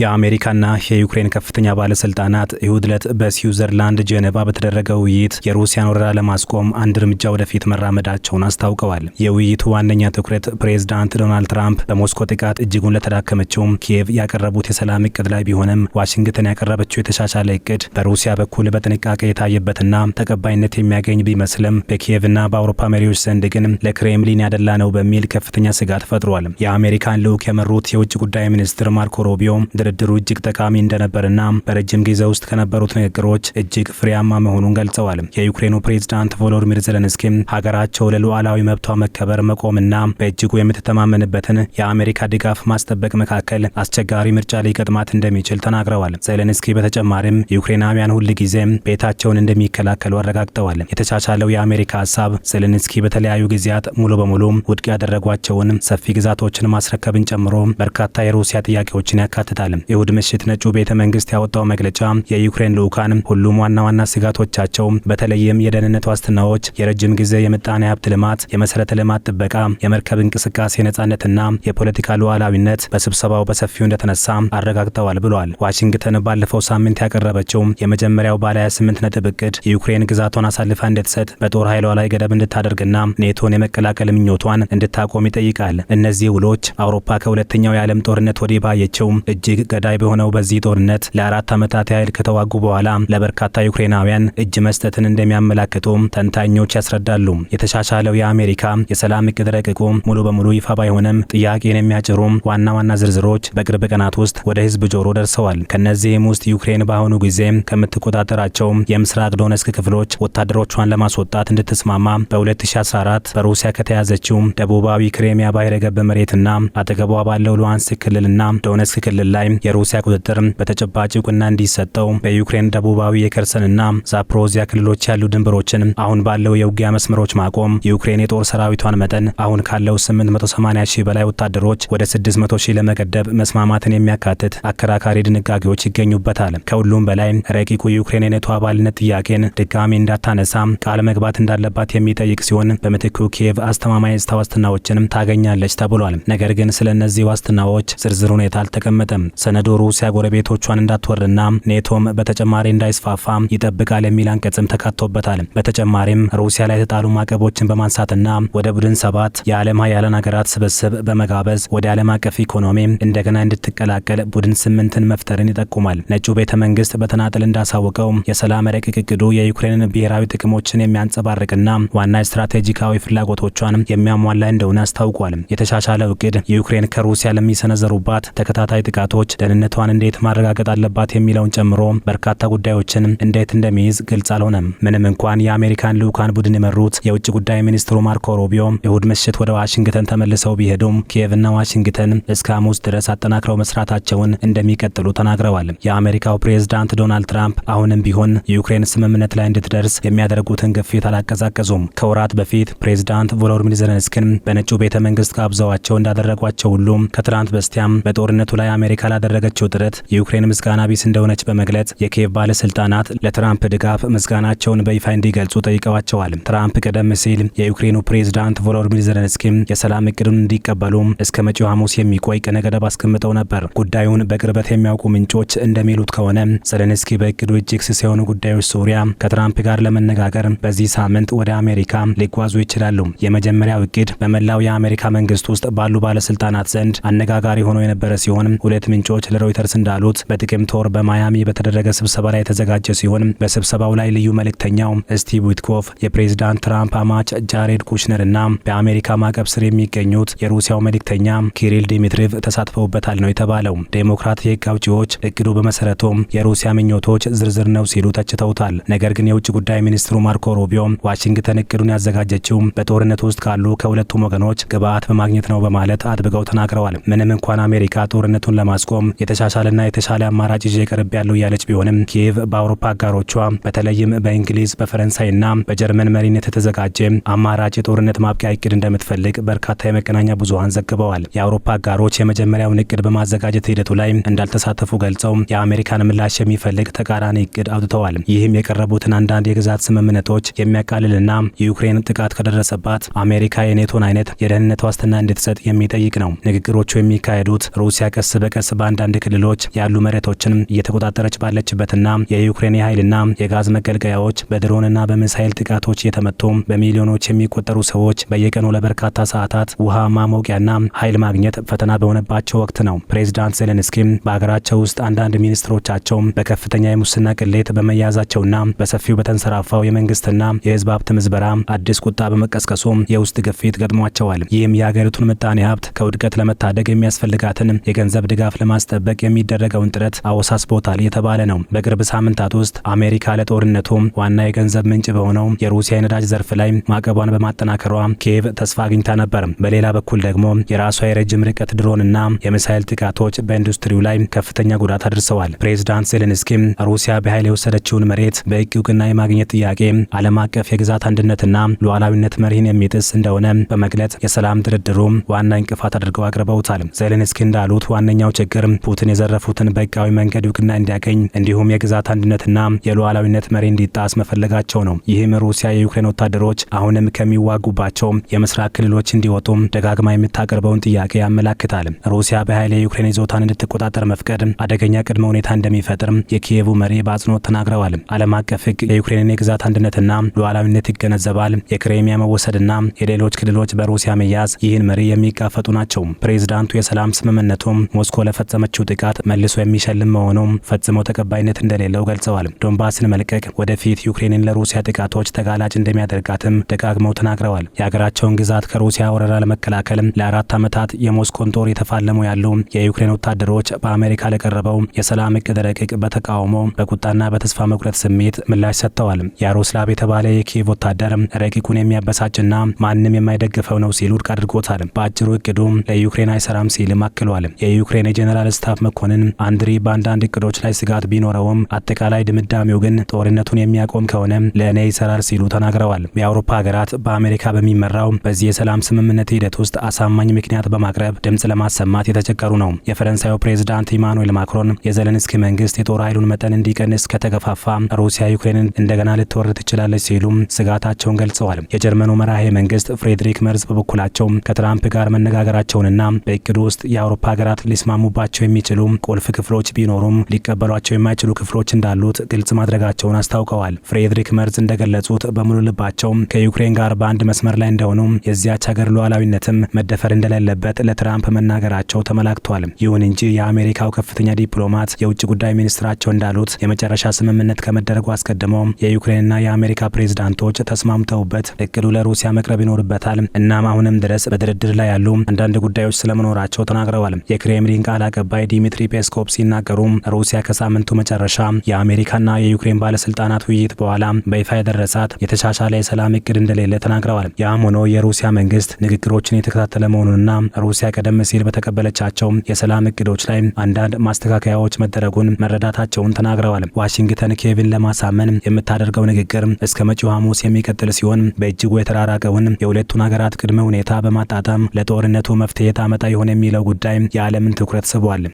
የአሜሪካና የዩክሬን ከፍተኛ ባለስልጣናት እሁድ ዕለት በስዊዘርላንድ ጄኔቫ በተደረገ ውይይት የሩሲያን ወረራ ለማስቆም አንድ እርምጃ ወደፊት መራመዳቸውን አስታውቀዋል። የውይይቱ ዋነኛ ትኩረት ፕሬዝዳንት ዶናልድ ትራምፕ በሞስኮ ጥቃት እጅጉን ለተዳከመችውም ኪየቭ ያቀረቡት የሰላም እቅድ ላይ ቢሆንም ዋሽንግተን ያቀረበችው የተሻሻለ እቅድ በሩሲያ በኩል በጥንቃቄ የታየበትና ተቀባይነት የሚያገኝ ቢመስልም በኪየቭና በአውሮፓ መሪዎች ዘንድ ግን ለክሬምሊን ያደላ ነው በሚል ከፍተኛ ስጋት ፈጥሯል። የአሜሪካን ልዑክ የመሩት የውጭ ጉዳይ ሚኒስትር ማርኮ ሮቢዮ ድርድሩ እጅግ ጠቃሚ እንደነበርና በረጅም ጊዜ ውስጥ ከነበሩት ንግግሮች እጅግ ፍሬያማ መሆኑን ገልጸዋል። የዩክሬኑ ፕሬዝዳንት ቮሎዲሚር ዘለንስኪም ሀገራቸው ለሉዓላዊ መብቷ መከበር መቆምና በእጅጉ የምትተማመንበትን የአሜሪካ ድጋፍ ማስጠበቅ መካከል አስቸጋሪ ምርጫ ሊገጥማት እንደሚችል ተናግረዋል። ዘለንስኪ በተጨማሪም ዩክሬናውያን ጊዜ ቤታቸውን እንደሚከላከሉ አረጋግጠዋል። የተቻቻለው የአሜሪካ ሀሳብ ዘለንስኪ በተለያዩ ጊዜያት ሙሉ በሙሉ ውድቅ ያደረጓቸውን ሰፊ ግዛቶችን ማስረከብን ጨምሮ በርካታ የሩሲያ ጥያቄዎችን ያካትታል። እሁድ ምሽት ነጩ ቤተ መንግስት ያወጣው መግለጫ የዩክሬን ልዑካን ሁሉም ዋና ዋና ስጋቶቻቸው በተለይም የደህንነት ዋስትናዎች፣ የረጅም ጊዜ የምጣኔ ሀብት ልማት፣ የመሰረተ ልማት ጥበቃ፣ የመርከብ እንቅስቃሴ ነጻነትና የፖለቲካ ሉዓላዊነት በስብሰባው በሰፊው እንደተነሳ አረጋግጠዋል ብሏል። ዋሽንግተን ባለፈው ሳምንት ያቀረበችው የመጀመሪያው ባለ 28 ነጥብ እቅድ የዩክሬን ግዛቷን አሳልፋ እንድትሰጥ በጦር ኃይሏ ላይ ገደብ እንድታደርግና ኔቶን የመቀላቀል ምኞቷን እንድታቆም ይጠይቃል። እነዚህ ውሎች አውሮፓ ከሁለተኛው የዓለም ጦርነት ወዲህ ባየችው እጅግ ገዳይ በሆነው በዚህ ጦርነት ለአራት ዓመታት ያህል ከተዋጉ በኋላ ለበርካታ ዩክሬናውያን እጅ መስጠትን እንደሚያመላክቱ ተንታኞች ያስረዳሉ። የተሻሻለው የአሜሪካ የሰላም እቅድ ረቂቁ ሙሉ በሙሉ ይፋ ባይሆንም ጥያቄን የሚያጭሩ ዋና ዋና ዝርዝሮች በቅርብ ቀናት ውስጥ ወደ ሕዝብ ጆሮ ደርሰዋል። ከእነዚህም ውስጥ ዩክሬን በአሁኑ ጊዜ ከምትቆጣጠራቸው የምስራቅ ዶነስክ ክፍሎች ወታደሮቿን ለማስወጣት እንድትስማማ በ2014 በሩሲያ ከተያዘችው ደቡባዊ ክሬሚያ ባሕረ ገብ መሬትና አጠገቧ ባለው ሉሃንስክ ክልልና ዶነስክ ክልል ላይ የሩሲያ ቁጥጥር በተጨባጭ እውቅና እንዲሰጠው በዩክሬን ደቡባዊ የከርሰንና ዛፕሮዚያ ክልሎች ያሉ ድንበሮችን አሁን ባለው የውጊያ መስመሮች ማቆም፣ የዩክሬን የጦር ሰራዊቷን መጠን አሁን ካለው 880 ሺህ በላይ ወታደሮች ወደ 600 ሺህ ለመገደብ መስማማትን የሚያካትት አከራካሪ ድንጋጌዎች ይገኙበታል። ከሁሉም በላይ ረቂቁ ዩክሬን የኔቶ አባልነት ጥያቄን ድጋሚ እንዳታነሳ ቃል መግባት እንዳለባት የሚጠይቅ ሲሆን በምትኩ ኪየቭ አስተማማኝ ዋስትናዎችንም ታገኛለች ተብሏል። ነገር ግን ስለ እነዚህ ዋስትናዎች ዝርዝር ሁኔታ አልተቀመጠም። ሰነዱ ሩሲያ ጎረቤቶቿን እንዳትወርና ኔቶም በተጨማሪ እንዳይስፋፋ ይጠብቃል የሚል አንቀጽም ተካቶበታል። በተጨማሪም ሩሲያ ላይ የተጣሉ ማዕቀቦችን በማንሳትና ወደ ቡድን ሰባት የዓለም ሀያላን ሀገራት ስብስብ በመጋበዝ ወደ ዓለም አቀፍ ኢኮኖሚ እንደገና እንድትቀላቀል ቡድን ስምንትን መፍጠርን ይጠቁማል። ነጩ ቤተ መንግስት በተናጥል እንዳሳወቀው የሰላም ረቂቅ እቅዱ የዩክሬንን ብሔራዊ ጥቅሞችን የሚያንጸባርቅና ዋና ስትራቴጂካዊ ፍላጎቶቿን የሚያሟላ እንደሆነ አስታውቋል። የተሻሻለው እቅድ ዩክሬን ከሩሲያ ለሚሰነዘሩባት ተከታታይ ጥቃቶች ኃላፊዎች ደህንነቷን እንዴት ማረጋገጥ አለባት የሚለውን ጨምሮ በርካታ ጉዳዮችን እንዴት እንደሚይዝ ግልጽ አልሆነም። ምንም እንኳን የአሜሪካን ልዑካን ቡድን የመሩት የውጭ ጉዳይ ሚኒስትሩ ማርኮ ሮቢዮ እሁድ ምሽት ወደ ዋሽንግተን ተመልሰው ቢሄዱም ኪየቭና ዋሽንግተን እስከ ሐሙስ ድረስ አጠናክረው መስራታቸውን እንደሚቀጥሉ ተናግረዋል። የአሜሪካው ፕሬዝዳንት ዶናልድ ትራምፕ አሁንም ቢሆን የዩክሬን ስምምነት ላይ እንድትደርስ የሚያደርጉትን ግፊት አላቀዛቀዙም። ከወራት በፊት ፕሬዝዳንት ቮሎዲሚር ዘለንስኪን በነጩ ቤተ መንግስት ጋብዘዋቸው እንዳደረጓቸው ሁሉ ከትናንት በስቲያም በጦርነቱ ላይ አሜሪካ ላደረገችው ጥረት የዩክሬን ምስጋና ቢስ እንደሆነች በመግለጽ የኪየቭ ባለስልጣናት ለትራምፕ ድጋፍ ምስጋናቸውን በይፋ እንዲገልጹ ጠይቀዋቸዋል። ትራምፕ ቀደም ሲል የዩክሬኑ ፕሬዝዳንት ቮሎዲሚር ዘለንስኪም የሰላም እቅድን እንዲቀበሉ እስከ መጪው ሐሙስ የሚቆይ ቀነ ገደብ አስቀምጠው ነበር። ጉዳዩን በቅርበት የሚያውቁ ምንጮች እንደሚሉት ከሆነ ዘለንስኪ በእቅዱ እጅግ ስስ የሆኑ ጉዳዮች ዙሪያ ከትራምፕ ጋር ለመነጋገር በዚህ ሳምንት ወደ አሜሪካ ሊጓዙ ይችላሉ። የመጀመሪያው እቅድ በመላው የአሜሪካ መንግስት ውስጥ ባሉ ባለስልጣናት ዘንድ አነጋጋሪ ሆኖ የነበረ ሲሆን ሁለት ምንጮች ምንጮች ለሮይተርስ እንዳሉት በጥቅምት ወር በማያሚ በተደረገ ስብሰባ ላይ የተዘጋጀ ሲሆን በስብሰባው ላይ ልዩ መልእክተኛው ስቲቭ ዊትኮፍ የፕሬዚዳንት ትራምፕ አማች ጃሬድ ኩሽነር እና በአሜሪካ ማዕቀብ ስር የሚገኙት የሩሲያው መልእክተኛ ኪሪል ዲሚትሪቭ ተሳትፈውበታል ነው የተባለው። ዴሞክራት የህግ አውጪዎች እቅዱ በመሰረቱ የሩሲያ ምኞቶች ዝርዝር ነው ሲሉ ተችተውታል። ነገር ግን የውጭ ጉዳይ ሚኒስትሩ ማርኮ ሮቢዮ ዋሽንግተን እቅዱን ያዘጋጀችው በጦርነት ውስጥ ካሉ ከሁለቱም ወገኖች ግብአት በማግኘት ነው በማለት አጥብቀው ተናግረዋል። ምንም እንኳን አሜሪካ ጦርነቱን ለማስቆም አልፎም የተሻሻለና የተሻለ አማራጭ ይዤ ቀርብ ያለው እያለች ቢሆንም ኪየቭ በአውሮፓ አጋሮቿ በተለይም በእንግሊዝ በፈረንሳይና በጀርመን መሪነት የተዘጋጀ አማራጭ የጦርነት ማብቂያ እቅድ እንደምትፈልግ በርካታ የመገናኛ ብዙሀን ዘግበዋል። የአውሮፓ አጋሮች የመጀመሪያውን እቅድ በማዘጋጀት ሂደቱ ላይ እንዳልተሳተፉ ገልጸው የአሜሪካን ምላሽ የሚፈልግ ተቃራኒ እቅድ አውጥተዋል። ይህም የቀረቡትን አንዳንድ የግዛት ስምምነቶች የሚያቃልልና የዩክሬን ጥቃት ከደረሰባት አሜሪካ የኔቶን አይነት የደህንነት ዋስትና እንድትሰጥ የሚጠይቅ ነው። ንግግሮቹ የሚካሄዱት ሩሲያ ቀስ በቀስ በአንዳንድ ክልሎች ያሉ መሬቶችን እየተቆጣጠረች ባለችበትና የዩክሬን የኃይልና የጋዝ መገልገያዎች በድሮንና በሚሳይል ጥቃቶች የተመቱ በሚሊዮኖች የሚቆጠሩ ሰዎች በየቀኑ ለበርካታ ሰዓታት ውሃ ማሞቂያና ኃይል ማግኘት ፈተና በሆነባቸው ወቅት ነው ፕሬዚዳንት ዜሌንስኪ በሀገራቸው ውስጥ አንዳንድ ሚኒስትሮቻቸው በከፍተኛ የሙስና ቅሌት በመያዛቸውና በሰፊው በተንሰራፋው የመንግስትና የህዝብ ሀብት ምዝበራ አዲስ ቁጣ በመቀስቀሱ የውስጥ ግፊት ገጥሟቸዋል። ይህም የሀገሪቱን ምጣኔ ሀብት ከውድቀት ለመታደግ የሚያስፈልጋትን የገንዘብ ድጋፍ ለማ ለማስጠበቅ የሚደረገውን ጥረት አወሳስቦታል የተባለ ነው። በቅርብ ሳምንታት ውስጥ አሜሪካ ለጦርነቱ ዋና የገንዘብ ምንጭ በሆነው የሩሲያ የነዳጅ ዘርፍ ላይ ማዕቀቧን በማጠናከሯ ኪየቭ ተስፋ አግኝታ ነበር። በሌላ በኩል ደግሞ የራሷ የረጅም ርቀት ድሮንና የሚሳይል ጥቃቶች በኢንዱስትሪው ላይ ከፍተኛ ጉዳት አድርሰዋል። ፕሬዚዳንት ዜሌንስኪም ሩሲያ በኃይል የወሰደችውን መሬት በሕግ እውቅና የማግኘት ጥያቄ ዓለም አቀፍ የግዛት አንድነትና ሉዓላዊነት መርህን የሚጥስ እንደሆነ በመግለጽ የሰላም ድርድሩ ዋና እንቅፋት አድርገው አቅርበውታል። ዜሌንስኪ እንዳሉት ዋነኛው ችግር ፑቲን የዘረፉትን በህጋዊ መንገድ እውቅና እንዲያገኝ እንዲሁም የግዛት አንድነትና የሉዓላዊነት መሪ እንዲጣስ መፈለጋቸው ነው። ይህም ሩሲያ የዩክሬን ወታደሮች አሁንም ከሚዋጉባቸው የምስራቅ ክልሎች እንዲወጡ ደጋግማ የምታቀርበውን ጥያቄ ያመላክታል። ሩሲያ በኃይል የዩክሬን ይዞታን እንድትቆጣጠር መፍቀድ አደገኛ ቅድመ ሁኔታ እንደሚፈጥር የኪየቡ መሪ በአጽንኦት ተናግረዋል። ዓለም አቀፍ ህግ የዩክሬንን የግዛት አንድነትና ሉዓላዊነት ይገነዘባል። የክሬሚያ መወሰድና የሌሎች ክልሎች በሩሲያ መያዝ ይህን መሪ የሚጋፈጡ ናቸው። ፕሬዚዳንቱ የሰላም ስምምነቱ ሞስኮ ለፈ ለፈጸመችው ጥቃት መልሶ የሚሸልም መሆኑ ፈጽሞ ተቀባይነት እንደሌለው ገልጸዋል። ዶንባስን መልቀቅ ወደፊት ዩክሬንን ለሩሲያ ጥቃቶች ተጋላጭ እንደሚያደርጋትም ደጋግመው ተናግረዋል። የሀገራቸውን ግዛት ከሩሲያ ወረራ ለመከላከል ለአራት ዓመታት የሞስኮን ጦር የተፋለሙ ያሉ የዩክሬን ወታደሮች በአሜሪካ ለቀረበው የሰላም እቅድ ረቂቅ በተቃውሞ በቁጣና በተስፋ መቁረጥ ስሜት ምላሽ ሰጥተዋል። ያሮስላቭ የተባለ የኪየቭ ወታደር ረቂቁን የሚያበሳጭና ማንም የማይደግፈው ነው ሲሉ ውድቅ አድርጎታል። በአጭሩ እቅዱ ለዩክሬን አይሰራም ሲልም አክሏል። የዩክሬን የጀነራል ጀነራል ስታፍ መኮንን አንድሪ በአንዳንድ እቅዶች ላይ ስጋት ቢኖረውም አጠቃላይ ድምዳሜው ግን ጦርነቱን የሚያቆም ከሆነ ለእኔ ይሰራል ሲሉ ተናግረዋል። የአውሮፓ ሀገራት በአሜሪካ በሚመራው በዚህ የሰላም ስምምነት ሂደት ውስጥ አሳማኝ ምክንያት በማቅረብ ድምፅ ለማሰማት የተቸገሩ ነው። የፈረንሳዩ ፕሬዝዳንት ኢማኑኤል ማክሮን የዘለንስኪ መንግስት የጦር ኃይሉን መጠን እንዲቀንስ ከተገፋፋ ሩሲያ ዩክሬንን እንደገና ልትወር ትችላለች ሲሉም ስጋታቸውን ገልጸዋል። የጀርመኑ መራሄ መንግስት ፍሬድሪክ መርዝ በበኩላቸው ከትራምፕ ጋር መነጋገራቸውንና በእቅዱ ውስጥ የአውሮፓ ሀገራት ሊስማሙባቸው ሊቀበሏቸው የሚችሉ ቁልፍ ክፍሎች ቢኖሩም ሊቀበሏቸው የማይችሉ ክፍሎች እንዳሉት ግልጽ ማድረጋቸውን አስታውቀዋል። ፍሬድሪክ መርዝ እንደገለጹት በሙሉ ልባቸው ከዩክሬን ጋር በአንድ መስመር ላይ እንደሆኑ የዚያች ሀገር ሉዓላዊነትም መደፈር እንደሌለበት ለትራምፕ መናገራቸው ተመላክቷል። ይሁን እንጂ የአሜሪካው ከፍተኛ ዲፕሎማት የውጭ ጉዳይ ሚኒስትራቸው እንዳሉት የመጨረሻ ስምምነት ከመደረጉ አስቀድሞ የዩክሬንና የአሜሪካ ፕሬዝዳንቶች ተስማምተውበት እቅዱ ለሩሲያ መቅረብ ይኖርበታል። እናም አሁንም ድረስ በድርድር ላይ ያሉ አንዳንድ ጉዳዮች ስለመኖራቸው ተናግረዋል። የክሬምሊን ቃል አቀ ተገባይ ዲሚትሪ ፔስኮቭ ሲናገሩ ሩሲያ ከሳምንቱ መጨረሻ የአሜሪካና የዩክሬን ባለስልጣናት ውይይት በኋላ በይፋ የደረሳት የተሻሻለ የሰላም እቅድ እንደሌለ ተናግረዋል። ያም ሆኖ የሩሲያ መንግስት ንግግሮችን የተከታተለ መሆኑንና ሩሲያ ቀደም ሲል በተቀበለቻቸው የሰላም እቅዶች ላይ አንዳንድ ማስተካከያዎች መደረጉን መረዳታቸውን ተናግረዋል። ዋሽንግተን ኬቪን ለማሳመን የምታደርገው ንግግር እስከ መጪው ሐሙስ የሚቀጥል ሲሆን በእጅጉ የተራራቀውን የሁለቱን ሀገራት ቅድመ ሁኔታ በማጣጣም ለጦርነቱ መፍትሄ ታመጣ ይሆን የሚለው ጉዳይ የዓለምን ትኩረት ስቧል። አድርገዋል።